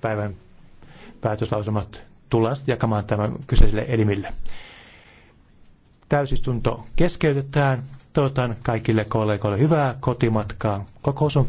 päivän päätöslausumat tullaan jakamaan tämän kyseiselle elimille. Täysistunto keskeytetään. Toivotan kaikille kollegoille hyvää kotimatkaa. Kokous on